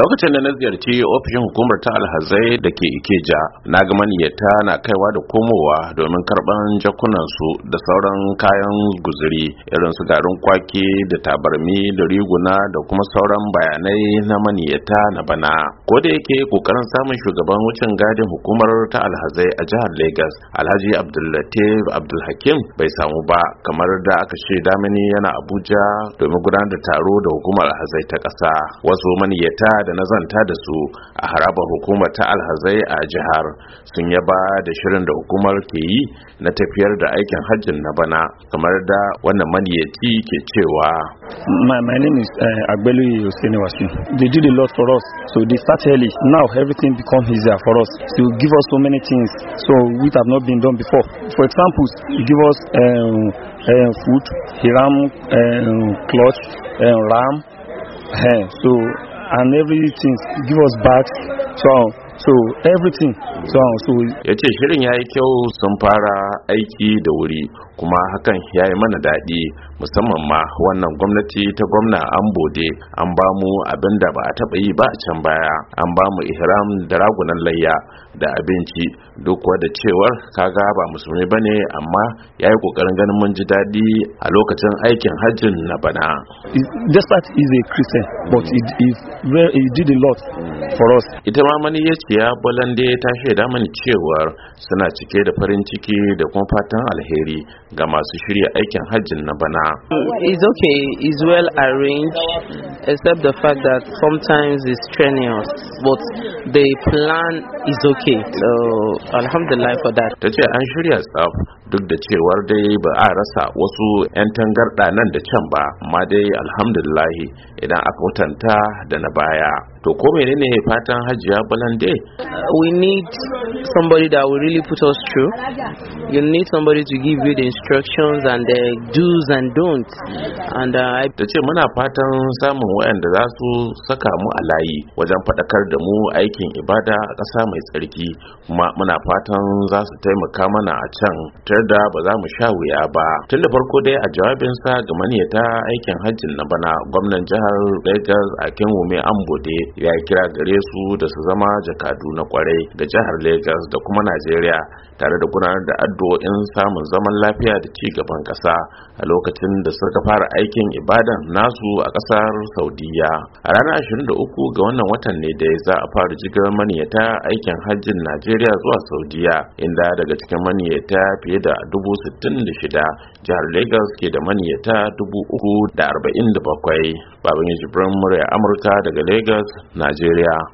lokacin da na ziyarci ofishin hukumar ta alhazai da ke ikeja na ga maniyyata na kaiwa da komowa domin karban jakunan su da sauran kayan guzuri irin su garin kwaki da tabarmi da riguna da kuma sauran bayanai na maniyyata na bana ko da yake kokarin samun shugaban wucin gadin hukumar ta alhazai a jihar Legas, alhaji abdullatif abdulhakim bai samu ba kamar da aka ce damini yana abuja domin gudanar da taro da hukumar alhazai ta ƙasa wasu maniyyata da zanta da su a haraba hukumar ta alhazai a jihar sun yaba da shirin da hukumar ke yi na tafiyar da aikin hajjin na bana kamar da wannan maniyaci ke cewa my, name is uh, agbelu yosene wasu they did a lot for us so they start early now everything become easier for us so give us so many things so we have not been done before for example give us um, um, food hiram um, cloth um, ram uh, so and everything give us back so so everything so so ya ce shirin ya yi kyau sun fara aiki da wuri kuma hakan ya yi mana daɗi musamman ma wannan gwamnati ta gwamna an bode an ba mu abin da ba a taɓa yi ba a can baya an ba mu ihram da ragunan layya da abinci duk da cewar kaga ba musulmi ba ne amma ya yi ƙoƙarin ganin mun ji daɗi a lokacin aikin hajjin na bana despite is a christian but he, did a lot for us ita ma mani ya Siya Bolande ta shaida mani cewar suna cike da farin ciki da kuma fatan alheri ga masu shirya aikin hajjin na bana. It's okay, it's well arranged, except the fact that sometimes it's strenuous, but the plan is okay. So, alhamdulillah for that. Ta ce an shirya tsaf duk da cewar dai ba a rasa wasu 'yan tangarɗa nan da can ba, amma dai alhamdulillah idan aka wutanta da na baya. to ko menene fatan hajiya balande uh, we need somebody that will really put us through you need somebody to give you the instructions and the do's and don'ts and uh, ta ce muna fatan samun waɗanda za su saka mu a layi wajen faɗakar da mu aikin ibada a ƙasa mai tsarki kuma muna fatan za su taimaka mana a can tar da ba za mu sha wuya ba tun da farko dai a jawabinsa ga maniyata aikin hajjin na bana gwamnan jihar Lagos a Kenwume Ambode ya kira gare su da su zama jakadu na kwarai ga jihar Lagos da kuma Najeriya tare da gudanar da addu'a in samun zaman lafiya da ci gaban ƙasa a lokacin da suka fara aikin ibadan nasu a ƙasar saudiya a ranar 23 ga wannan watan ne da za a fara jigar maniyata aikin hajjin najeriya zuwa saudiya inda daga cikin maniyata fiye da shida, jihar lagos ke da maniyata 347 babban jibrin murya amurka daga lagos najeriya